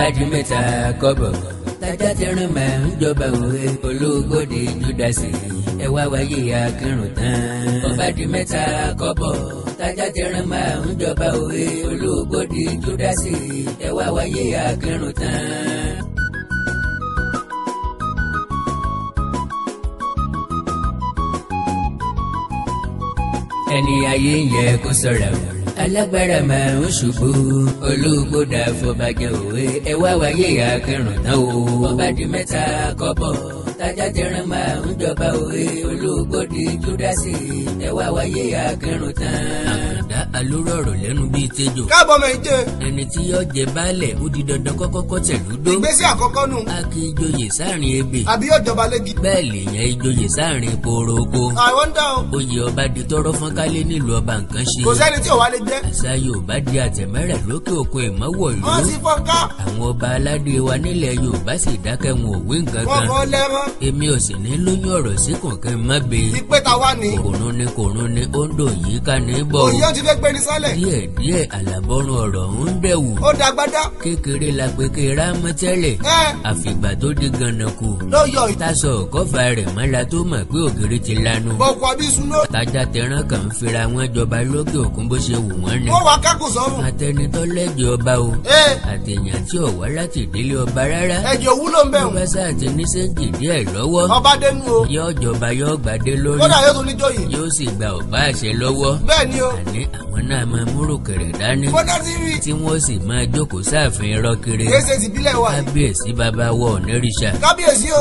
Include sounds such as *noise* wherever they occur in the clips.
bájú mẹ́ta kọ́bọ̀ tájà ti rìn mà ń jọba òwe olóògbòde júdásì ẹ wá wáyé akínrùn tán. ọba di mẹ́ta kọ́bọ̀ tájà ti rìn mà ń jọba òwe olóògbòde júdásì ẹ wá wáyé akínrùn tán. ẹni ayé yẹ kó sọ̀rọ̀ o alágbára máa ń ṣubú olóògbódà fọbàjẹ́ òwe ẹ wá wáyé àkẹrùn tán o ọba di mẹ́ta kọ́bọ̀ tájà tẹran máa ń jọba òwe olóògbódì júdásì ẹ wá wáyé àkẹrùn tán alóró ọ̀rọ̀ lẹ́nu bíi tejò. káàbọ̀ mẹ́ ìje. ẹni tí yóò jẹ baálẹ̀ ó di dandan kọ́kọ́kọ́ tẹ̀lú dó. ìgbésí àkọ́kọ́ nù. a kì í joyè sáàrin ebè. àbí yóò jọba légi. bẹ́ẹ̀ lèèyàn ìjoyè sáàrin porogo. I wonder o. oyè ọba di tọrọ fún kálé nílùú ọba nǹkan ṣe. kò tí ò wá lè jẹ́. àṣà yorùbá di àtẹ̀mẹ́rẹ̀ lókè òkun ìmọ̀wọ̀ ìlú. wọ́n gbé ní sálẹ̀. díẹ̀ díẹ̀ àlàbọ̀rùn ọ̀rọ̀ ń bẹ̀wò. ó da gbádá. kékeré la pé kí ra mọ́ tẹ́lẹ̀. àfìgbà tó di ganan kù. ló yọ ìtàn. tásọ kọfà rẹ̀ mọ́la tó mọ̀ pé ògiri ti lanu. bọ̀kọ̀ àbí suná. tajà tẹran kan fira wọn jọba lókè òkun bó ṣe wù wọ́n ni. ó wà kákò sọ́run. atẹnitọ́ lẹ́jẹ̀ ọba o. àtẹ̀yàn tí ò wá láti ìdílé ọba rárá. ẹ̀jẹ̀ òwúlò ń bẹ̀ wọ́n. bọ́sà àti níṣẹ́ǹjì díẹ̀ lọ́wọ́. ọba dénú o. yóò jọba yóò gbàdé lórí. kódà yóò tún níjọ́ yìí. yóò sì gba ọba àṣẹ lọ́wọ́. bẹ́ẹ̀ ni o. àní àwọn àwọn náà máa múrò kèrè dání tí wọ́n sì máa jókòó sáàfin irọ́ kiri kábíyèsí bàbá wọ onírìṣà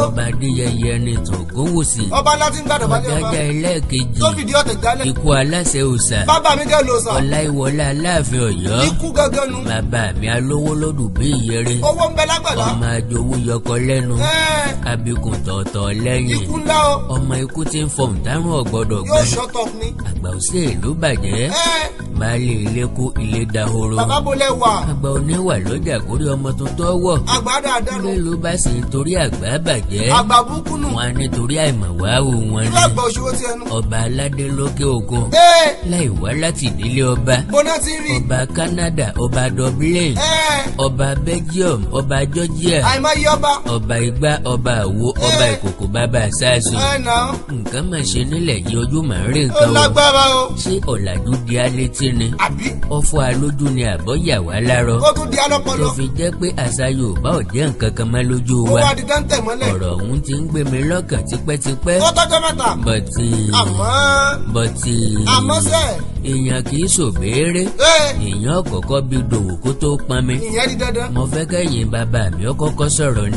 ọba adéyẹyẹ ní ìtàn ògúnwùsì ọ̀gájà ẹlẹ́ẹ̀kejì ikú aláṣẹ òòṣà ọláìwọlá aláàfin ọ̀yọ́ bàbá mi alówó lọ́dún bí ìyẹrẹ ọmọ àjòwò yọkọ lẹ́nu kábíkùn tọ̀ọ̀tọ̀ lẹ́yìn ọmọ ikú ti ń fọ̀ǹtàrún ọ̀gbọ́dọ̀ gbẹ àgbà òsè ló bàjẹ́ baálé ilé kó ilé dahoro. bàbá bolẹ̀ wà. àgbà oníwà lọ́jà kórè ọmọ tuntun wọ̀. àgbà dáadáa. ilé ló bá sì torí àgbà bàjẹ́. àgbà búkúnù. wọn á torí àìmọ̀ wá o wọn ni. lágbà òṣòwò ti ẹnu. ọba aládé lókè òkun. ee. láì wá láti ìdílé ọba. bọ́nà ti rí. ọba Canada ọba Dublin. ee. ọba Belgium ọba Georgia. àìmọye ọba. ọba Igbá ọba Àwo ọba Ìkòkò bàbá sàásù. ẹ nà. nǹkan máa ṣe nílẹ̀ yìí ojú màá rí nǹkan o. ó létí ni ọ̀fọ̀ alójú ni àbọ̀ yà wá lárọ tó fi jẹ́ pé àṣà Yorùbá ò jẹ́ nǹkan kan mọ́ lójú wa ọ̀rọ̀ ọ̀hún ti ń gbé mi lọ́kàn tipẹ́tipẹ́ bọ̀tì bọ̀tì èèyàn kì í ṣòbéèrè èèyàn kọ́kọ́ bí dòwò kó tó pọn mi mo fẹ́ kẹ́yìn bàbá mi ó kọ́kọ́ sọ̀rọ̀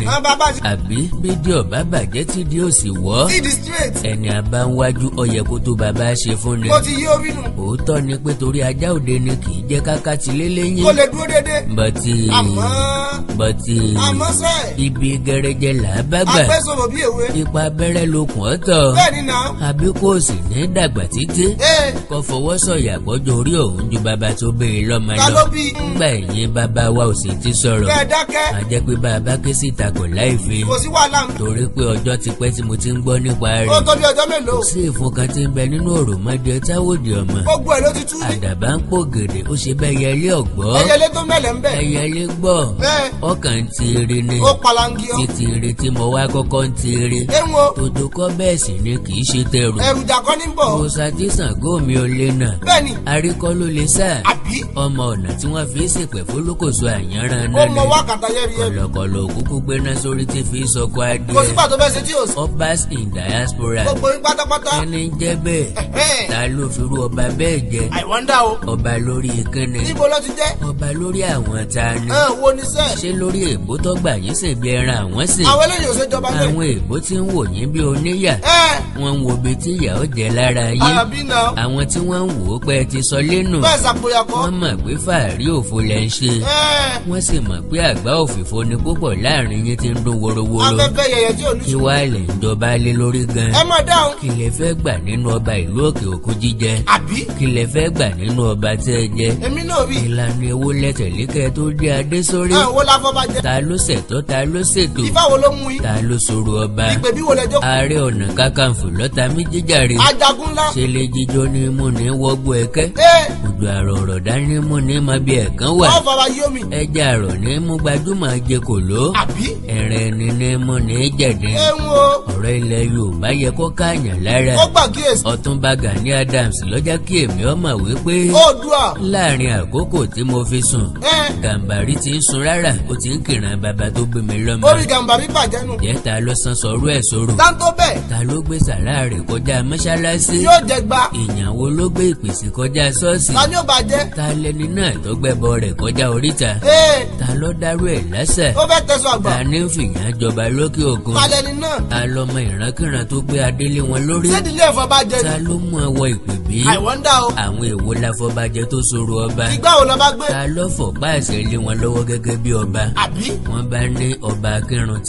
ni torí ajá òde ni kì í jẹ́ káká ti lé lẹ́yìn. kó lè dúró déédéé. bàtì bàtì ibi gẹrẹjẹ là á bá gbà. afẹ́sọ̀rọ̀ bí èwe. ipa abẹ́rẹ́ lókun ọ̀tọ̀. bẹ́ẹ̀ni na. àbí kò sì ní dàgbà títí. kò fọwọ́ sọ̀yà pọ́jọ orí òun ju bàbá tó béèrè lọ́mọ lọ. ta ló wa ò sì ti sọ̀rọ̀. a jẹ́ pé bàbá ké síta kò láì torí pé ọjọ́ ti pẹ́ tí mo ti ń gbọ́ nípa rẹ̀. ó sí ìfúnkan ti ń bẹ nínú òròmọdé táwòdì ọmọ àdàbà ń pò gèrè ó ṣe bẹ́ẹ̀ yẹlé ọ̀gbọ́. ẹyẹlé tó mẹ́lẹ̀ ń bẹ̀. ẹyẹlé gbọ́ ọkàn ń tiiri ni. ó palangi ọ. ti tiiri tí mo wá kọ́kọ́ ń tiiri. ewo. tòdò kọ́ bẹ́ẹ̀ sì ni kì í ṣe tẹrù. ẹrùjà kọ́ ní bọ̀. musa tí Ṣàngó mi ò lè nà. bẹ́ẹ̀ni. arikọ́ ló lè sá. àbí. ọmọ ọ̀nà tí wọ́n fi ṣèpẹ̀ fólókòso àyànran náà o. ọbas in diaspora. gbogbo yín pátápátá. ẹni jẹ́ yọ̀ǹda o. ọba lórí kíni. níbo ló ti jẹ́. ọba lórí àwọn ta ni. ẹ wo ni sẹ́. ṣé lórí èbó tó gbà yín ṣe bí ẹran àwọn sì. àwọn eléyìí ò ṣe jọba bẹ́ẹ̀. àwọn èbó tí ń wò yín bí oníyà. wọ́n ń wo ibi tí ìyà jẹ lára yín. àbí náà. àwọn tí wọ́n ń wò ó pé ti sọ lẹ́nu. bẹ́ẹ̀ sàpòyàkọ́. wọ́n mọ̀ pé fàárí òfo lẹ ń ṣe. wọ́n sì mọ̀ pé àgbá òfìfo ni púpọ̀ láàrin yín ti ń dún worowóró. afẹ́fẹ́ yẹyẹ tí ò ní. kí wàá gan. ẹ mọ̀ dáhùn. kí lẹ fẹ́ gbà nínú ọba ìlú òkè òkun nínú ọba tẹ́ ẹ jẹ́. èmi náà rí. ìlànà èwo lẹ́tẹ̀lé kẹ́ tó dé adé sórí. àwọn ah, wo la fọ́ bá jẹ. ta ló ṣẹ̀tọ́ ta ló ṣètò. ifá ló mú i. ta ló sọ̀rọ̀ ọba. ìpè bí wo lẹjọ́. ààrẹ ọ̀nà kakanfò lọ́ta mi jíjàre. ajagun ńlá. ṣe lè jíjọ ni mo ní wọgbọ ẹ̀kẹ́. ee eh àjò àròrò dánimú ní ma bí ẹ̀gán wà. wọ́n fara yóò mi. ẹja àrò ní mú gbajúmọ̀ jẹ kò ló. àbí. ẹ̀rẹ̀ ni ní mú ní jẹ̀dẹ̀. ẹ ń wo. ọ̀rọ̀ ilẹ̀ Yorùbá yẹ kó káàyàn lára. ó gbà kíyèsí. Ọ̀túnba Gani Adams lọ́jà kí èmi ọmọ wípé. ó dùà. láàrin àkókò tí mo fi sùn. ẹ. Gàmbàrí ti ń sun rárá ó ti ń kìràn bàbá tó gbé mi lọ́mọ. ìyàwó ló gbé ìpèsè kọjá ṣọ́ọ̀ṣì ní ò bàjẹ́. ta lẹni náà tó gbẹ́bọ rẹ̀ kọjá oríta. Eh. ta ló dárú ẹ̀ lẹ́sẹ̀. ó fẹ́ tẹ̀sán àgbà. ta ní fìyà jọba lókè òkun. ta lẹni náà. ta lọmọ ìrankíran tó gbé adélé wọn lórí. sẹ́dílé ẹ̀fọ́bàjẹ́ ni. ta ló mú ọwọ́ ìpè bí. àìwọ́ndà o. àwọn èwo láfọ́bàjẹ́ tó sọ̀rọ̀ ọba. ìgbà wo lọ́ba gbé. ta ló fọ̀ páàsì lé wọn lọ́wọ́ gẹ́gẹ́ bí ọba. àbí. wọ́n bá ní ọba akínrun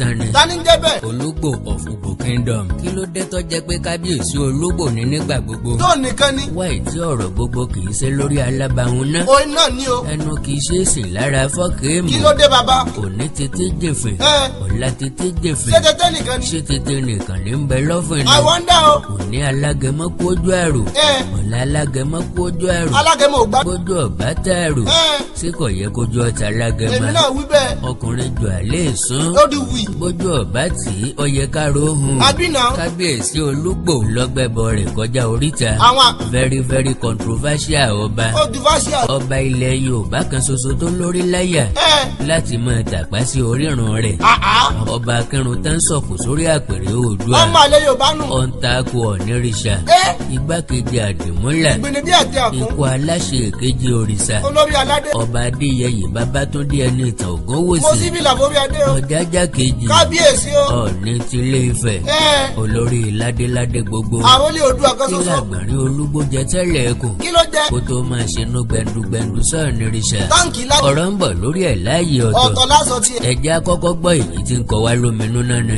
orí alábàáhùn oyin náà ni o. ẹnu kì í ṣe é sìn lára fọ́ọ̀kì èèmù. kí ló dé bàbá. òní tètè jèfè. ọ̀la tètè jèfè. ṣé tètè nìkan ni. ṣé tètè nìkan ni ń bẹ lọ́fìn ni. àwọn ń dá o. òní alágẹmọ kójú àrò. ọ̀la alágẹmọ kójú àrò. alágẹmọ ò gbá. kójú ọ̀bá tààrò. ṣé kò yẹ kójú ọ̀tá alágẹmọ. èmi náà wí bẹ́ẹ̀. ọkùnrin jù àlẹ́ sún. ó di wì. bójú ọ̀bá tì í ọyẹ káró hun. àbínà. kábíyèsí olúgbò lọ́gbẹ̀bọ very very controversial ọba ọba ọba ilẹ̀ yorùbá kan ṣoṣo tó lórí láyà láti máa tàpá sí orírun rẹ̀ ọba akẹrun tá ń sọ̀kò sórí àpèrè oòdùà ọ̀ǹtakù ọ̀nìrìṣà igbákejì àdìmúlà ikú aláṣẹ èkejì òrìṣà ọba adéyẹyè babátúndé ẹni ìtàn ògúnwòsì ọ̀jájá kejì ọ̀ọ̀ni tilé ifẹ̀ olórí ládéládé gbogbo kí làgbàrí olúgbó jẹ tẹ́lẹ̀ ẹ̀kọ́ kó tó má máa ṣe inú gbẹndugbẹndu sọ̀rọ̀ nírìṣà ọ̀rọ̀ ń bọ̀ lórí ẹ̀ láàyè ọ̀tọ̀ ẹ̀jẹ̀ akọ́kọ́ gbọ́ èyí tí ń kọ́ wá lóminú náà ni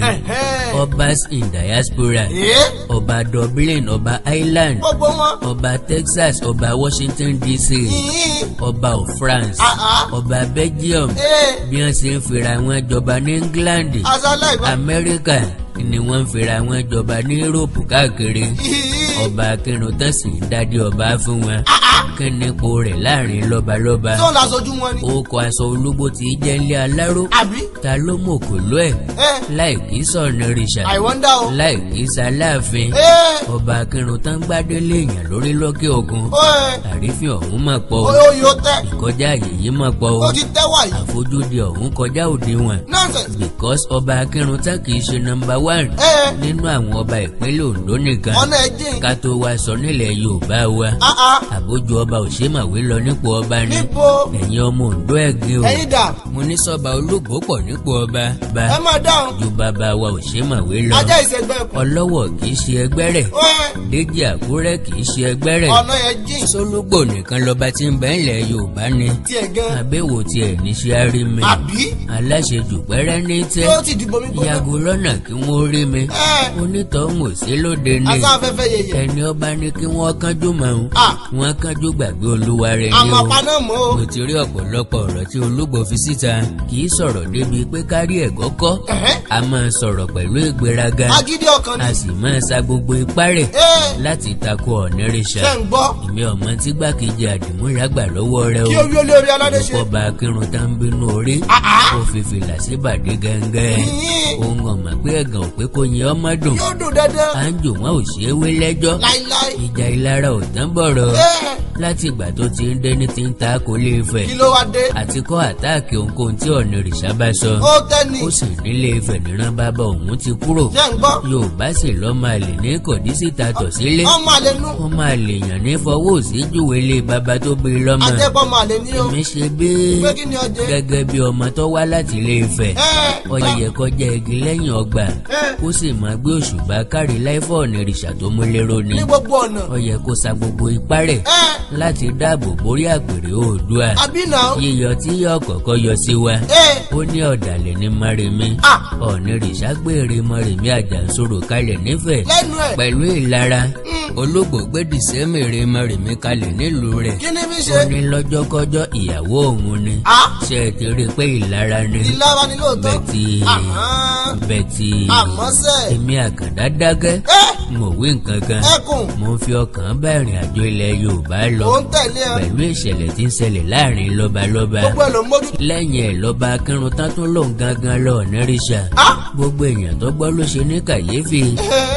ọbas in diaspora ọba Dublin ọba Ireland ọba Texas ọba Washington DC ọba of France ọba Belgium bí wọ́n ṣe ń fira wọn jọba ní England America ni wọ́n ń fira wọn jọba ní Yúróòpù káàkiri ọba akínrun tán sì ń dádé ọba fún wọn kí ni ipò rẹ̀ láàrin lọ́balọ́ba ó kọ aṣọ ológbó tí jẹ́ ilé aláró ta ló mọ òkòló ẹ̀ láì kí sọ̀nà rìṣà láì kí sàláàfin ọba akínrun tán gbádélé èèyàn lórí lọ́kẹ́ òkun àrífín ọ̀hún mà pọ̀ o ìkọjá yìí mà pọ̀ o àfojúdi ọ̀hún kọjá òdiwọ̀n because ọba akínrun tán kì í ṣe nọ́mbà wá márùn nínú àwọn ọba ìpínlẹ̀ Ondo nìkan ká tó wá sọ nílẹ̀ Yorùbá wa ah, ah. àbójú ọba òṣèmàwé lọ nípò ọba ni ẹ̀yin ọmọ Ondo ẹ̀gbin o mo ní sọba olóògbó pọ̀ nípò ọba bá ju bàbá wa òṣèmàwé lọ ọlọ́wọ̀ kì í ṣe ẹgbẹ́ rẹ̀ Déjì Àkúrẹ́ kì í ṣe ẹgbẹ́ rẹ̀ Sólúgbò nìkan lọba tí ń bẹ ńlẹ̀ Yorùbá ni àbẹ̀wò tiẹ̀ níṣẹ́ arímẹ̀ aláṣejù pẹ́rẹ́ ní tẹ́ yàgò lọ́nà kí wọ́n rí mi eh. onítọ̀hún ò sí ni ẹni ọba ní kí wọ́n kánjú màún ah. wọ́n kánjú gbàgbé olúwa ni o mo ti rí ọ̀pọ̀lọpọ̀ ọ̀rọ̀ tí olúgbò fi síta kì í sọ̀rọ̀ débi pé kárí ẹ̀gọ́ kọ́ a máa sọ̀rọ̀ pẹ̀lú ìgbéraga a sì máa sa gbogbo ipá rẹ̀ eh. láti tako ọ̀nẹ́rẹ́sà ìmí ọmọ tí gbàkejì àdìmúra gbà lọ́wọ́ rẹ o ìwọ́pọ̀ bá akírun tá ń bínú orí ah, ah. ó fi fìlà síbàdí gẹ́gẹ́ òun ọ̀mọ̀ pé ẹ̀gàn mọ̀ pé kò yin ọmọ dùn. yóò dùn dandan. à ń jò wọn ò ṣe é wé lẹ́jọ́. láíláí. ìjà ìlara ò tán bọ̀rọ̀. láti ìgbà tó ti ń dé ní ti ń ta kó lè fẹ̀. kí ló wá dé. àti kọ́ àtáàkì ohunkóhun tí ọ̀nà rìṣà bá sọ. ó tẹ́ni. ó sì nílé Ifẹ̀ níran bàbá òun ti kúrò. jẹ́ ń gbọ́. Yorùbá sì lọ́mọ àlè ní kọ̀dísì ta tọ̀ sílé. ọmọ àlè nú. ọmọ àlè yàn ní fọwọ́ o. èmi ṣe bí. pé kí ni ọjẹ́. gẹ́gẹ́ bí kó sì máa gbé òṣùbà kárí láìfọ̀ọ̀nì rìṣà tó múlẹ́rọ ni ó yẹ kó sa gbogbo ipá rẹ̀ láti dáàbò borí àpèrè oòdùà yíyọ tí yọ kọ̀kọ́ yọ sí wa ó ní ọ̀dàlẹ̀ ní mọ́rẹ̀mí ọ̀ọ̀nì rìṣà gbére mọ́rẹ̀mí àjànsóró kalẹ̀ nífẹ̀ẹ́ pẹ̀lú ìlara hmm. ológo gbèdì sẹ́mẹ̀rẹ̀ mọ́rẹ̀mí kalẹ̀ nílùú rẹ̀ ó ní lọ́jọ́kọ́jọ́ ìyàwó òun ni ṣe é ti rí i pé ìlara ni bẹ́tì bẹ́tì àmọ́sẹ̀. èmi àgàdá dágẹ́. ẹ́ mo wí nǹkan kan mo ń fi ọkàn bá ìrìn àjò ilẹ̀ Yorùbá lọ pẹ̀lú ìṣẹ̀lẹ̀ tí ń ṣẹlẹ̀ láàrin lọ́balọ́ba lẹ́yìn ẹ̀ lọ́ba akínrun tán tó lòun gangan lọ nírìṣà gbogbo èèyàn tó gbọ́ ló ṣe ní kàyéfì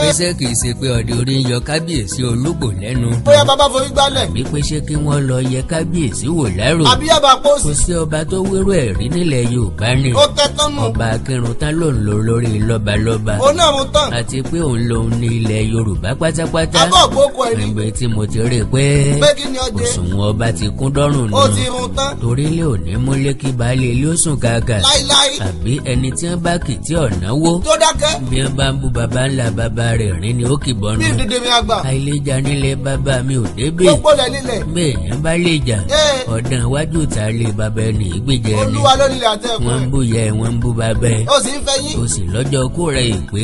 pèsè kì í ṣe pé ọdẹ orí ń yọ kábíyèsí olúgbò lẹ́nu bóyá bàbá forí gbálẹ̀ àbí pé ṣé kí wọ́n lọ yẹ kábíyèsí wò lẹ́rù àbí yàbá pósí kò sí ọba tó wérò ẹ̀rí nílẹ̀ Yorùbá ni ọba akínrun tán lòun lò lórí yorùbá pátápátá níbi tí mo ti rí i pé òṣùwọ̀n ọba ti kún dọ́rùn nù torí lè òní múlé kí baálé ilé ó sùn kàkà àbí ẹni tí wọ́n bá kì tí ọ̀náwó bí wọ́n bá ń bú baba ńlá baba rẹ̀ rìn ní òkè bọ́nu àìlèjà nílẹ̀ baba mi ò débẹ̀ bẹ́ẹ̀ yẹn bá lè jà ọ̀dàn iwájú ta lè baba ẹni ìgbèjẹ ni wọ́n ń bú yẹ wọ́n ń bú baba ẹ̀ ó sì lọ́jọ́ kú rẹ̀ ìpè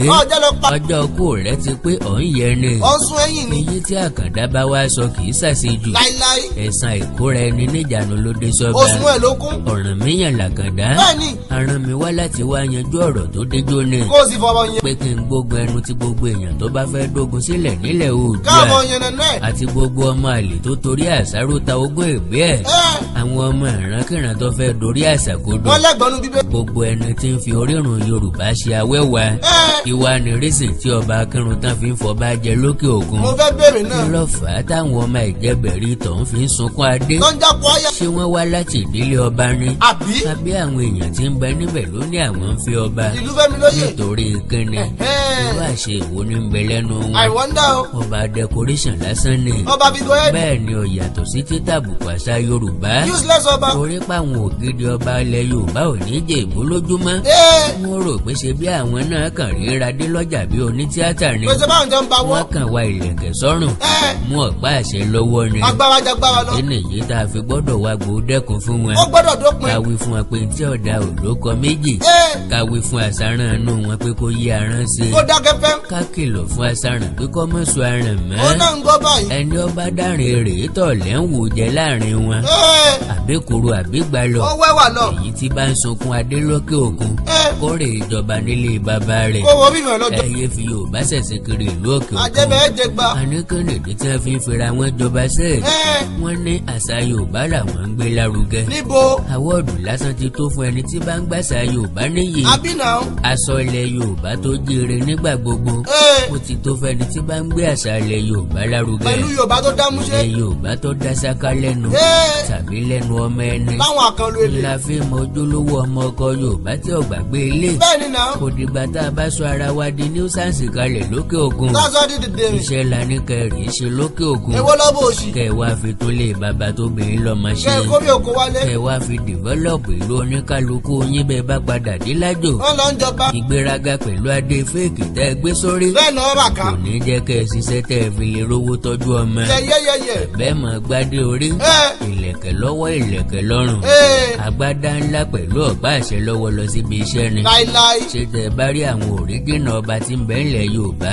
ọjọ́ kú rẹ̀ ti pé ọ̀ ọ̀ ń yẹni. ọ̀sùn ẹ̀yìn ni. èyí tí àkàndá bá wá sọ kì í ṣàṣejù. láíláí. ẹ̀sán ìkóra ẹni níjànú ló dé sọ́ba. ọ̀sùn ẹ̀ ló kún. ọ̀ràn mi yàn làkàndá. bẹ́ẹ̀ni. aràn mi wá láti wá yanjú ọ̀rọ̀ tó déjó ni. kó o sì fọwọ́ yẹn. pé kí n gbógun ẹnu tí gbogbo èèyàn tó bá fẹ́ dógun sílẹ̀ nílẹ̀ oòdùà. káàmọ̀ yẹn nẹ́ẹ̀. àti gbogbo ọmọ àlè tó torí fi orírun Yorùbá ṣe awẹ́wà. ìwà nìrísìn tí ọba akírun tán fọbajẹ lókè ògùn. mo fẹ́ bèrè náà. lọ́fà táwọn ọmọ ìjẹbẹ̀rí tọ̀hún fi ń sunkún adé. lọ́njà kọ́ ayá. ṣé wọ́n wá láti ìdílé ọba ni. àbí. àbí àwọn èèyàn tí ń bẹ níbẹ̀ ló àwọn ń fi ọba. ìlú fẹ́mi lóye. nítorí kíni. irú àṣẹ ìwo ni ń bẹ lẹ́nu wọn. I wonder o. ọba decoration lásán ni. ọba bí gbọ́yẹ́. bẹ́ẹ̀ ni ó yàtọ̀ sí títà bùkàṣà Yorùbá. useless ọba. torí páwọn táwọn jọ ń bá wọ́. wọ́n kàn wá ìlẹ̀kẹ̀ sọ́rùn mú ọ̀pá àṣẹ lọ́wọ́ ni. agbára jẹ agbára lọ. ìdí nìyí tá a fi gbọ́dọ̀ wá gbòó dẹ́kun fún wọn. ó gbọ́dọ̀ dópin. káwí fún wa pé tí ọ̀dà òrókọ méjì. káwí fún àṣàràn inú wọn pé kó yí aràn ṣe. kó dákẹ́ fẹ́. ká kìlọ̀ fún àṣàràn pé kó mọ̀ sọ aràn mọ́. ó náà ń gbọ́ báyìí. ẹni ọba dárin rèé tọ̀ lẹ́ ń wò jẹ láàrin wọn. àbíkuru àbígbà ó wẹ́wà lọ. èyí ìlú òkè òkun àníkànnìdí tí wọ́n fi ń fira wọn jọba sẹ́ẹ̀ wọ́n ní àṣà Yorùbá làwọn ń gbé lárugẹ àwọ̀dù lásán ti tó fún ẹni tí bá ń gbàṣà Yorùbá níyì aṣọ ilẹ̀ Yorùbá tó jíire nígbà gbogbo ó ti tó fẹ́ni tí bá ń gbé àṣà ilẹ̀ Yorùbá lárugẹ pẹ̀lú Yorùbá tó dá múṣẹ́ ilẹ̀ Yorùbá tó dá sáká lẹ́nu tàbí lẹ́nu ọmọ ẹni ńlá fi ògùn iṣẹ́ la ní kẹrì ṣe lókè ògùn kẹwàá fi tó lè bàbá tó bìnrin lọ́mọ ṣe kẹwàá fi dìvọ́lọ̀pù ìlú oníkálukú yín bẹ́ẹ̀ bá padà dé lájò ìgbéraga pẹ̀lú adé fèkì tẹ́ gbé sórí kò ní jẹ́ kẹ́ ẹ ṣiṣẹ́ tẹ́ ẹ fi lè rówó tọ́jú ọmọ bẹ́ẹ̀ mọ̀ gbádé orí ìlẹ̀kẹ̀ lọ́wọ́ ìlẹ̀kẹ̀ lọ́rùn agbádá ńlá pẹ̀lú ọ̀pá àṣẹ lọ́wọ́ lọ síbi iṣẹ́ ni ṣe bá rí àwọn òrígìnà ọba tí ń bẹ ńlẹ̀ Yorùbá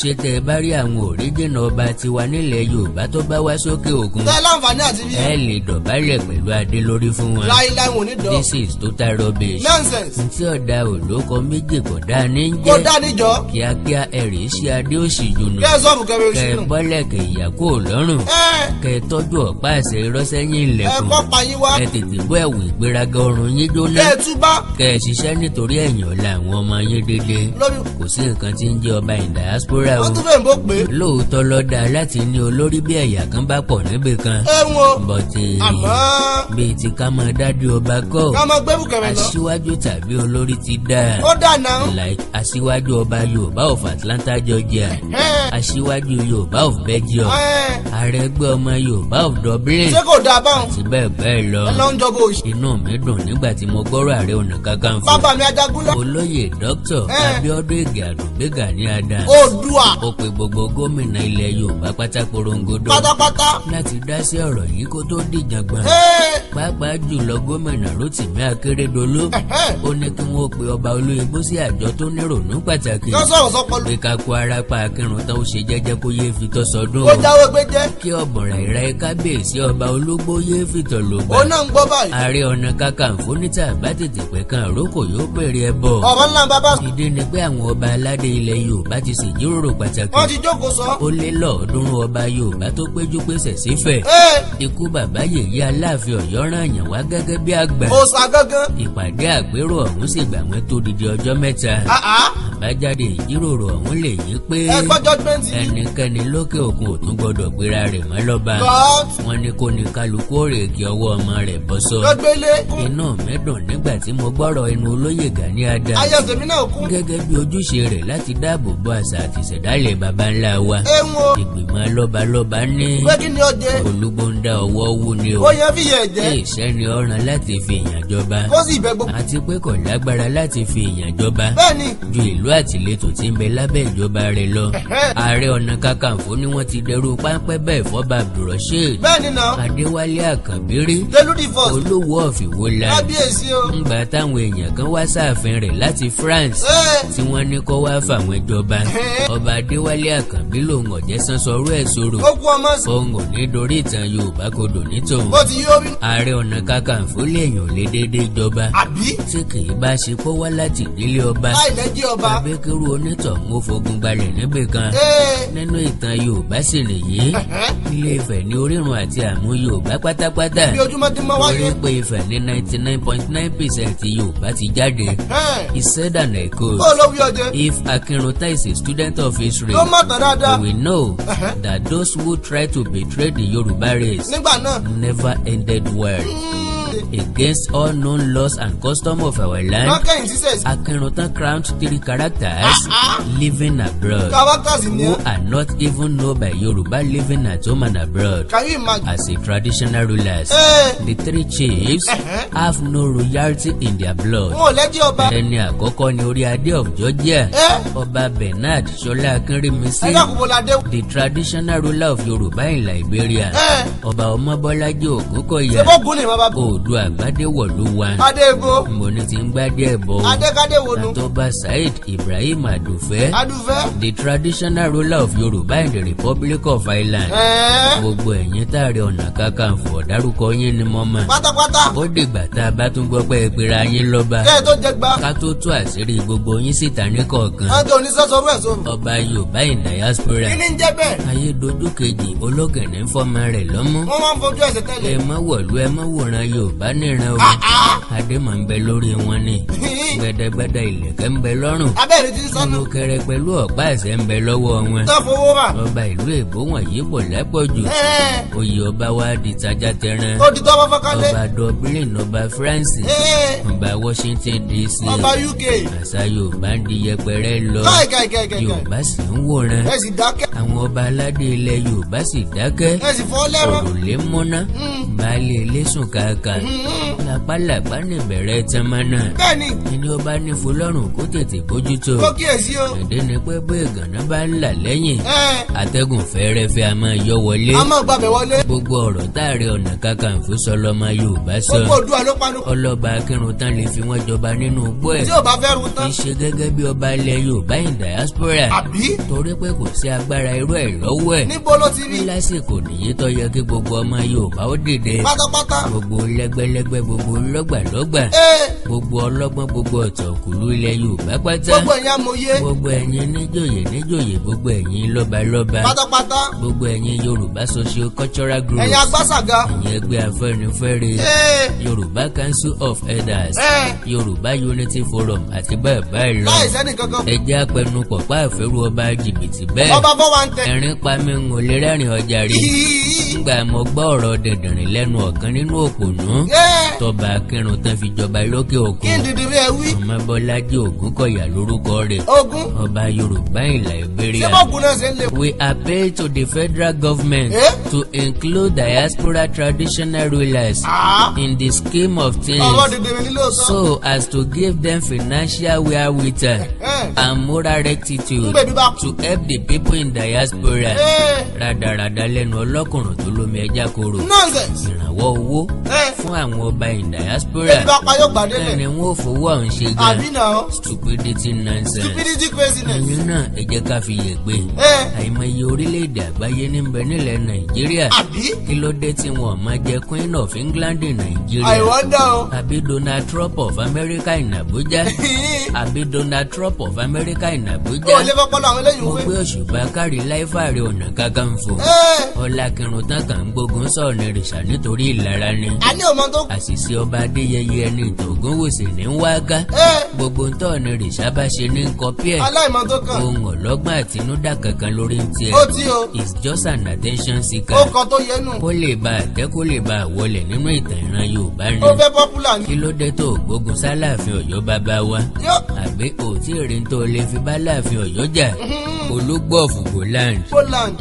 ṣé tẹ bá rí àwọn òríjìnà ọba tiwa nílẹ̀ yorùbá tó bá wá sókè òkun. tẹ láǹfààní àti bí. ẹ lè dọ̀bálẹ̀ pẹ̀lú adé lórí fún wọn. láíláí wọn ní dọ̀. this is total rubbish. nonsense. n tí ọ̀dà òlókọ méjì kò dá ní jẹ́. kò dá níjọ. kíákíá ẹ̀rì iṣẹ́ adé òsì jùnú. kẹ́ ẹ sọ́ọ̀bù kẹ́ bẹ́ẹ̀ sínú. kẹ́ ẹ bọ́lẹ̀ kẹ́ ìyà kó lọ́rùn. kẹ́ ẹ tọ́jú ọ̀pá àṣẹ irọ́sẹ́yìn ilẹ̀kùn. ẹ kọ́ pa diaspora o. ó tún fẹ́ bó pé. lóòótọ́ ló dáa láti ní olórí bí ẹ̀yà kan bá pọ̀ níbì kan. ẹ wọn bọ̀tì eh, àmọ́. bíi ti ká máa dájú ọba kọ́. ká máa gbẹ́bù kẹ̀mẹ́ lọ. aṣíwájú tàbí olórí ti dáa. ó dáa náà. like aṣíwájú ọba Yorùbá of Atlanta Georgia. aṣíwájú Yorùbá of Belgium. ààrẹ ẹgbẹ́ ọmọ Yorùbá of Dublin. ṣé kò dáa báwọn. àti bẹ́ẹ̀ bẹ́ẹ̀ lọ. ẹ lọ ń jọba òṣì. inú mi dùn nígbà tí mo gbọ́rọ̀ Ààrẹ Ọ̀nà Kakanfò. bàbá mi Ajagunlá. olóyè dókítà Abíọ́dún Ìgè Àdùgbégà ní Adams. ó oòdùà. ó pe gbogbo gómìnà ilẹ̀ yorùbá pátá porongodo. pátápátá. láti dá sí ọ̀rọ̀ yìí kó tó dìjàngbọ̀n. pàápàá jùlọ gómìnà rotimi akérèdọ́lù. ó ní kí wọ́n pe ọba olóyìnbó sí àjọ tó ní ronú pàtàkì. pé ká kó ara pa akínrun tán ó ṣe jẹ́jẹ́ kó yéé fi tọ́ sọdún. ó jáwé gbé jẹ́. kí ọ̀bọ̀nrà ìra kábíyèsí ọba ológbó yéé fi tọ̀ ló bá. ó náà ń gbọ́ báyìí. ààrẹ ọ̀nà kakanfò níta bá tètè ìjíròrò pàtàkì. wọ́n ti jókòó sọ. ó lé lọ́ọ̀ọ́dúnrún ọba yorùbá tó péjú pésẹ̀ sífẹ̀. ikú bàbá yèyí aláàfin ọ̀yọ́ ràn yàn wá gẹ́gẹ́ bí àgbà. ó sọ agángan. ìpàdé àpérò ọ̀hún sì gbà wọ́n tó didi ọjọ́ mẹ́ta. àbájáde ìjíròrò ọ̀hún lè yí pé ẹnikẹ́ni lókè òkun ò tún gbọ́dọ̀ gbéra rẹ̀ mọ́ lọ́ba. wọ́n ní kó ní kálukú òrèké ọwọ́ ọmọ rẹ̀ bọ́ sọ. inú mi nígbà tí mo gbọ́rọ̀ ẹnu olóyè Gani Adams àti ìṣẹ̀dálẹ̀ baba ńlá wa. ìgbìmọ̀ lọ́balọ́ba ní. olúgbóńdá ọwọ́ wú ni o. ó yẹ fi yẹ jẹ́. èèṣẹ́ ni ọ̀ràn láti fi èèyàn jọba. ó sì bẹ gbogbo. àti pé kò lágbára láti fi èèyàn jọba. bẹ́ẹ̀ni. ju ìlú àtìlétò tí ń bẹ lábẹ́ ìjọba rẹ̀ lọ. ààrẹ ọ̀nà kakanfò ni wọ́n ti dẹrú páńpẹ́ bẹ́ẹ̀ fọ́ba abdulrasheed. bẹ́ẹ̀ni náà. adéwálé àkànbírí. deludi first. olówó ọ̀fìwó la. kábíyèsí o. ńgbà táwọn èèyàn kan wá sáàfin rẹ̀ láti France. tí wọ́n ní kó ọba adéwálé àkànbí lòun ọ̀jẹ́ san sọ̀rọ̀ ẹ̀ sòrò òun ò ní dorí ìtàn yorùbá kodò nítòun ààrẹ ọ̀nà kakanfò lèèyàn lè déédéé jọba tí kì í bá ṣe pọ́ wá láti ìdílé ọba abẹ́kẹ́rù onítọ̀hún ó fogun gbalẹ̀ níbì kan nínú ìtàn yorùbá sì nìyí ilé ifẹ̀ ní orírun àti àmú yorùbá pátápátá orí pé ifẹ̀ ní ninety nine point nine percent yorùbá ti jáde ìṣẹ́dànà èkó if akínrun táìsì student president of Israel. ó mọ̀ tán dáadáa. we know that those who try to betray the Yoruba race. never ended well. Mm against all known laws and customs of our land. lọ́kẹ́yìn sísè. akẹrùntàn crowned three characters. Ah, ah. living abroad. who are not even known by Yoruba living at home and abroad. can you imagine. as a traditional rulers. Hey. Eh. the three chiefs. Uh-huh. have no royalty in their blood. wọn ò lẹ́jẹ̀ ọba. ẹni àkọ́kọ́ ni orí adé of Georgia. Eh. ọba Bernard Ṣọlá Akínrímisí. ẹ̀dá kò the traditional ruler of Yoruba in Liberia. Eh. ọba Ọmọbọ́lájí Ògúnkọ̀yà. ṣé bó àgbàdé wọ̀lú wa. adéèbó. mo ní ti ń gbádé ẹ̀bọ. adékadé wo nu. saheed ibrahim adufẹ́. adufẹ́. the traditional ruler of yorùbá in the republic of ireland. gbogbo ẹ̀yin táàrí ọ̀nà kakanfò dárúkọ yín ni mo mọ̀. pátápátá. ó dìgbà tá a bá tún gbọ́ pé ìpera yín lọ́ba. kẹ́ ẹ tó jẹ gbá. ká tó tú àṣírí gbogbo yín síta ní kọ̀ọ̀kan. á tó ní sọ́sọ́ rẹ̀ sọ. ọba yorùbá yorùbá níran o ah, ah. adé máa ń bẹ lórí wọn ni *laughs* gbẹdẹgbẹdẹ ìlẹ̀kẹ̀ ń bẹ lọ́rùn mo kẹrẹ pẹ̀lú ọ̀pá ẹ̀sẹ̀ ń bẹ lọ́wọ́ wọn ọba ìlú èbó wọ̀nyí kò lẹ́pọ̀jù oyè ọba wa di tajà tẹran ọba dublin ọba france ọba washington dc àṣà yorùbá ń di yẹpẹrẹ lọ yorùbá sì ń wòran àwọn ọba aládé ilẹ̀ yorùbá sì dákẹ́ òrùlé múná mm. baálé ilé sùn kàkà. Mm lápálàpá lè bẹ̀rẹ̀ tẹ́mánà. bẹ́ẹ̀ni. ẹni ó bá ní fọlọ́run kó tètè bójú tó. kó kíyèsí o. ẹ̀dẹ́ ni pé bó ìgànná bá ń là lẹ́yìn. atẹ́gùn fẹ́ẹ́rẹ́fẹ́ a máa yọ wọlé. a máa gbàgbẹ́ wọlé. gbogbo ọ̀rọ̀ táàrí ọ̀nà Kakanfò sọ lọ́mọ Yorùbá sọ. gbogbo òdu àlópanú. ọlọ́ba akírun tán lè fi wọ́n jọba nínú igbó ẹ̀. tí ò bá fẹ́ run tán. kì í ṣe gẹ́gẹ́ bí ọba ilẹ̀ Yorùbá in diaspora. àbí lẹ́gbẹ́lẹ́gbẹ́ gbogbo lọ́gbàlọ́gbà eh. gbogbo ọlọ́gbọ́n gbogbo ọ̀tọ̀kùlú ilẹ̀ Yorùbá pátá gbogbo ẹ̀yin níjòyè níjòyè gbogbo ẹ̀yin lọ́balọ́ba pátápátá gbogbo ẹ̀yin Yorùbá social cultural group ẹ̀yin agbásàga ẹ̀yin ẹgbẹ́ afẹ́nifẹ́re eh. Yorùbá Council of Elders eh. Yorùbá Unity Forum àti bẹ́ẹ̀ bẹ́ẹ̀ lọ ẹjẹ́ apẹnupọ̀ pàfẹ́rù ọba jìbìtì bẹ́ẹ̀ ẹ̀rín pa mi ń wọlé rẹ́rìn ọjà rí nígbà mo gbọ́ ọ̀rọ̀ dẹ̀dẹ̀rìn lẹ́nu ọ̀kan nínú òpònú Eh. tọba akẹrùn tán fi jọba lókè òkun kí n dìde bí wí. ọmọ bọ́lájí ògúnkọ̀yà lórúkọ rẹ̀ ogun ọba yorùbá ìlà ìbéèrè àná. we appeal to the federal government eh? to include diaspora traditional rulers ah. in the scheme of things so as to give them financial wherewithal eh. and moral rectitude to help the people in diaspora. Eh. radarada lẹ́nu ọlọ́kùnrin tó lómi ẹja koro ìrànwọ́ owó eh. fún àwọn ọba ìdàyàspora ẹni wọn ò fowó ọ̀hún ṣe gan stupidity nonsense ẹ̀yin náà ẹ jẹ́ ká fi yẹ̀ gbé àìmọye orílẹ̀-èdè àgbáyé ní bẹ nílẹ̀ nàìjíríà kí ló dé tí wọn máa jẹ queen of england nàìjíríà àbí donald trump of america in abuja *laughs* àbí donald trump of america in abuja mo gbé òṣùpá kárí láìfààrí ọ̀nà kankan fò ọlákìrún tán kàn ń gbógun sọ̀rọ̀ nítorí ìlara ni. a ní òmò àṣìṣe ọba adéyẹyẹ ẹni ìtògúnwòsè ní wáká gbogbo ń tọ́ọ̀nù rìṣà bá ṣe ní kọpí ẹ̀ ohun ọ̀lọ́gbọ́n àtinúdá kankan lórí ń tiẹ̀ it's just an attention seeker kó lè ba àtẹ́ kó lè ba àwọlé nínú ìtàn ìran yorùbá ni kí ló dé tó gbógun sáláàfin ọ̀yọ́ bàbá wa àbí òtí ìrìn tó lè fi bá láàfin ọ̀yọ́ jà mm-hmm. olúgbọ̀fù goland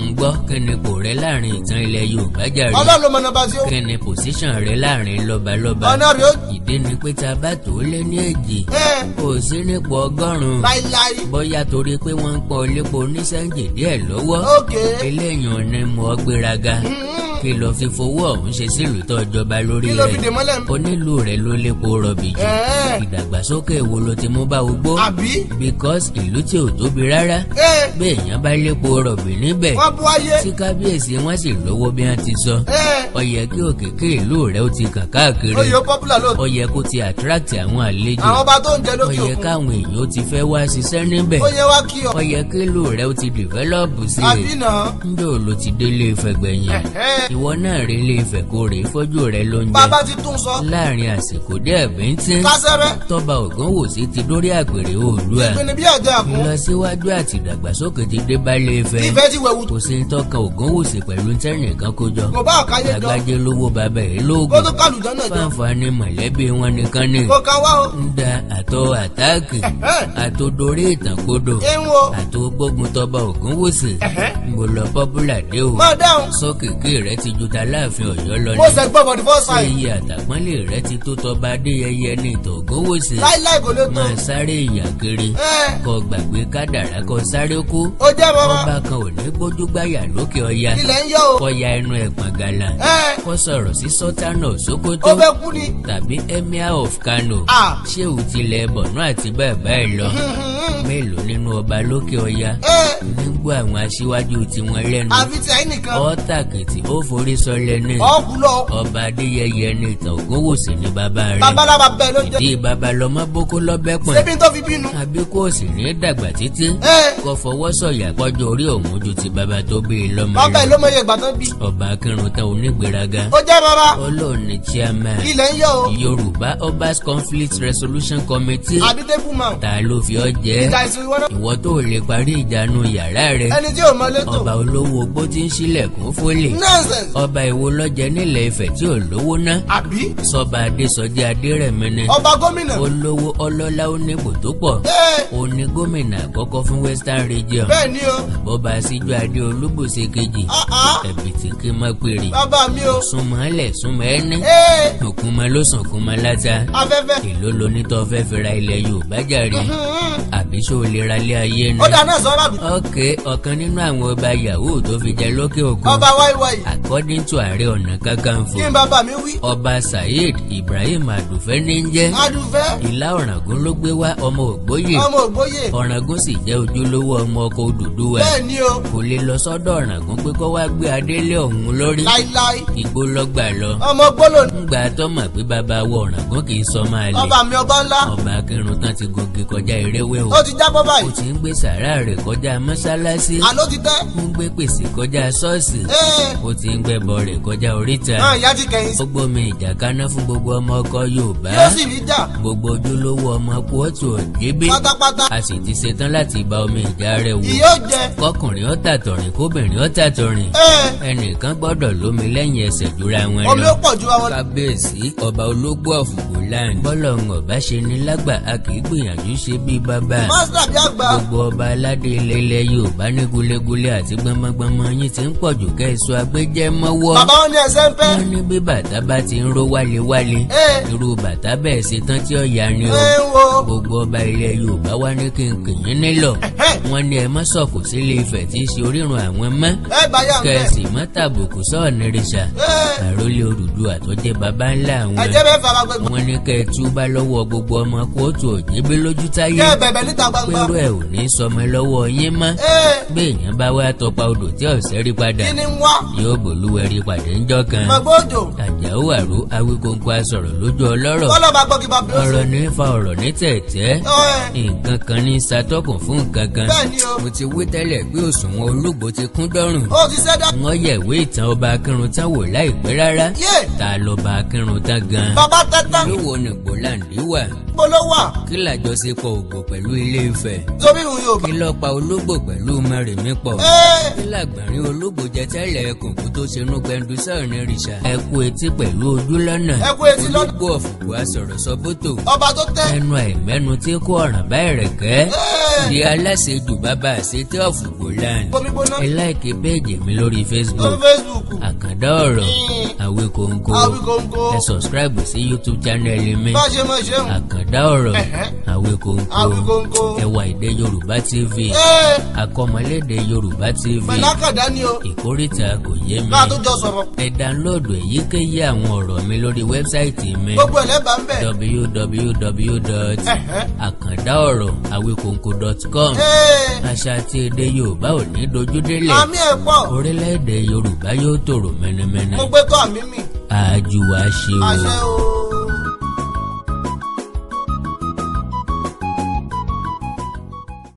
ń gbọ́ kí ni kò rẹ láàrin ìtàn ilẹ̀ yorùbá jà rí kí ni pòsíṣàn rẹ láàrin ọkùnrin lọ́balọ́ba ìdí ni pé tá a bá tó lé ní èjì kò sí nípò ọgọ́rùn-ún bóyá torí pé wọ́n ń pọ̀ lépo oníṣẹ́ǹjì díẹ̀ lọ́wọ́ eléyìí ni mo gbéraga. Mm -hmm kí ló fi fowó ọ̀hún ṣe sílùú tó jọba lórí rẹ̀ onílù rẹ̀ ló lépo rọ̀bì jù ìdàgbàsókè wo ló ti mú bá ugbó because ìlú tí ò tóbi rárá bí èèyàn bá lépo rọ̀bì níbẹ̀ tí kábíyèsí wọ́n sì lówó bí wọ́n ti sọ ó yẹ kí òkèké ìlú rẹ̀ ó ti kàn káàkiri ó yẹ kó ti attract àwọn àlejò ó yẹ káwọn èèyàn ó ti fẹ́ wá ṣiṣẹ́ níbẹ̀ ó yẹ kí ìlú rẹ̀ ó ti develop sí i ń dò ló ti délé ìfẹ̀gbẹ̀yìn ìwọ náà rí ilé Ifẹ̀ kó rèé fọ́jú rẹ lóúnjẹ. bàbá ti tún sọ. láàrin àsìkò díẹ̀ bíntín. kásẹ́rẹ́. tọ́ba Ògúnwùsì ti dórí àgbèrè Oòduà. ìpinnu bí àjẹ àkún. ìlọsíwájú àti ìdàgbàsókè ti dé bá ilé Ifẹ̀. Ifẹ̀ ti wẹ̀wù. kò sí tọ́ka Ògúnwùsì pẹ̀lú tẹ́nìkan kó jọ. kò bá àkáyé jọ. àgbájé lówó bàbá ẹ̀ lóògùn. ó tún kálù jọ́nà jọ. fáǹfààní mọ̀lẹ́bí wọn o. ń da àtọ àtáàkì. àtòdorí ìtànkodò. àtògbógun ti ju taláàfin Ọ̀yọ́ lọ ní. mo ṣe gbọ́ bọ̀dí fọ́sà yìí. iye àtàpọ́nlé rẹ ti tó tọba adéyẹyẹ ní ìtògówòsè. láíláì kò lè tó. máa sáré ìyà kiri. kọ gbàgbé kádàrá kọ sáré kú. ó jẹ́ bàbá. ọba kan ò ní gbójú gbáyà lókè ọya. ilẹ̀ ń yọ o. kọya ẹnu ẹ̀gbọ̀n gàlà. kọ sọ̀rọ̀ sí sọ́tánà Sókótó. ó fẹ́ kú ni. tàbí emir of Kano. ṣé ò tilẹ̀ bọ̀nú àti bàbá ẹ̀ lọ. *laughs* mélòó nínú ọba lókè ọya. nígbà àwọn aṣíwájú tiwọn lẹ́nu. àfi tí àyìn nìkan. ọ́tàkìtì ó f forí sọlẹ̀ ní ọba adéyẹyẹ ní ìtàn ògówòsì ní bàbá rẹ̀ ìdí bàbá lọ́mọ boko lọ́bẹ̀ pọ̀n àbí kò sì ní dàgbà títí kò fọwọ́ sọ̀yà pọ́jọ́ orí òun ju ti bàbá tó bí i lọ́mọ rẹ̀ ọba akínrun tán onígbéraga ọlọ́ọ̀ni chairman yorùbá obas conflict resolution committee ta ló fi ọ jẹ́ ìwọ tó lè parí ìjánu yàrá rẹ̀ ọba olówó gbó ti ń sílẹ̀kùn fólè ọba ìwo lọ́jẹ̀ nílẹ̀ Ifẹ̀ tí ò lówó ná. àbí. sọba Adésọjí Adérẹ̀mí ni. ọba gómìnà. olówó ọlọ́lá ó ní kò tó pọ̀. ó ní gómìnà àkọ́kọ́ fún Western Region. bẹ́ẹ̀ ni o. bọ́ba síjú adé olúbòsè kejì. ẹ̀bìtì kí n má péré. bàbá mi o. súnmọ́lẹ̀ súnmọ́ ẹni. òkúnmọ́ ló sàn kúnmọ́ láta. afẹ́fẹ́. èló lo nítọ́ fẹ́ fi ra ilẹ̀ Yorùbá jàre. Mm-hmm. àbí ṣó o lè ra ilé ayé ni. ó dáná sọ́ra according to ààrẹ ọ̀nà kakanfò. kí n bàbá mi wí. ọba saheed ibrahim adùfẹ́ ní ń jẹ́. adùfẹ́. ìlà ọ̀ràngún ló gbé wá ọmọ ògbóyè. ọmọ ògbóyè. ọ̀ràngún sì jẹ́ ojúlówó ọmọ ọkọ̀ Odùduwà. bẹ́ẹ̀ ni o. kò lè lọ sọ́dọ̀ ọ̀ràngún pé kó wá gbé adélé ọ̀hún lórí. láíláí. ìgbó lọ́gbà lọ. ọmọ gbọ́lò. ń gbà tọ́ mọ̀ pé bàbá wọ ọ̀ràngún kì í sọ máa lè. ọba mi ń gbẹ́bọ rẹ̀ kọjá oríta. náà ìyá ti kẹyìn. ó gbómi ìjàkáná fún gbogbo ọmọ ọkọ Yorùbá. yóò sì rí jà. gbogbo ojúlówó ọmọ kóòtù ọ̀gẹ́bẹ́. pátápátá. a sì ti ṣetán láti ba omi ìjà rẹ̀ wò. ìyóò jẹ. kọkùnrin ọ̀tà tọ̀rìn kóbìnrin ọ̀tà tọ̀rìn. ẹnìkan gbọ́dọ̀ lómi lẹ́yìn ẹsẹ̀ jura wọn lọ. omi ó pọ̀ ju àwọn. kábíyèsí ọba ológbò ọ̀fùgbò láàrin. bọ́lọ̀ ń ọ̀bá ṣe ní lágbà a kì í gbìyànjú ṣe bí bàbá. máṣá bí àgbà. gbogbo ọba aládé ilẹ̀ Yorùbá ní jẹ mọ́wọ́. bàbá wọn ní ẹsẹ̀ ń pẹ́. wọ́n ní bí bàtà bá ti ń ró wálewále. irú bàtà bẹ́ẹ̀ ṣe tán tí ọ̀yà ni o. gbogbo ọba ilẹ̀ Yorùbá wá ní kí n kìyìn nílọ. wọ́n ní ẹ má sọ̀kò sílé Ifẹ̀ tí í ṣe orírun àwọn mọ́. kẹsì mọ́ tàbùkù sọ́ọ̀nì rìṣà. àrò Odùduwà tó jẹ́ baba ńlá àwọn. àjẹbẹ́ fara gbogbo. wọ́n ní kẹ́ ẹ tú bá lọ́wọ́ gbogbo ọmọ kóòtù òjébé lójú táyé. kẹ́ ẹ níta gbangba. pẹ̀lú ẹ ò ní sọmọ lọ́wọ́ yín mọ́. bí èèyàn bá wá tọpa odò tí ọ̀sẹ̀ rí padà. kí ni wá. yóò bòlúwẹ̀ rí padà ńjọ́ kan. magbódò. àjàó àrò awíkóńkó asọ̀rọ̀ lójú ọlọ́rọ̀. ọ̀rọ̀ ní fa wọ́n yẹ̀wé ìtàn ọba akínrun táwò láìpẹ́ rárá ta lọba kírun tán gan. bàbá tẹ́tán. níwò ní gbọ́láǹdì wà. gbọ́lọ́wà. kí làjọṣepọ̀ ògbò pẹ̀lú ilé Ifẹ̀. torí ìhun yóò. kí lọ́ọ́ pa ológbò pẹ̀lú mẹ́rìnmí pọ̀. kí làgbọ̀nrín ológbò jẹ tẹ́lẹ̀ kòkó tó ṣenú gbẹndu sọ́ọ̀nì rìṣà. ẹ kú etí pẹ̀lú ojú lọ́nà. ẹ kú etí lọ́nà. ológbò ọ̀fùgbọ́ aṣọ̀rọ̀ sọ bótò. ọba tó tẹ́. ẹnu àìmẹ́nu tí kò ọ̀ràn bá Awikonko ẹ sọ̀sìkírábù sí YouTube channel mi àkàndá ọ̀rọ̀ Awikonko ẹwà èdè Yorùbá TV àkọmọlédè eh. Yorùbá TV ìkórìtà kò yé mi ẹ dánlọ́ọ̀dù èyíkéyìí àwọn ọ̀rọ̀ mi lórí wẹ́bsáìtì mi www.akandaoroawikonko.com eh. àṣà àti èdè Yorùbá ò ní dojú délẹ̀ orílẹ̀-èdè Yorùbá yóò tòrò mẹ́nẹ́mẹ́nẹ́. ajúwa ṣe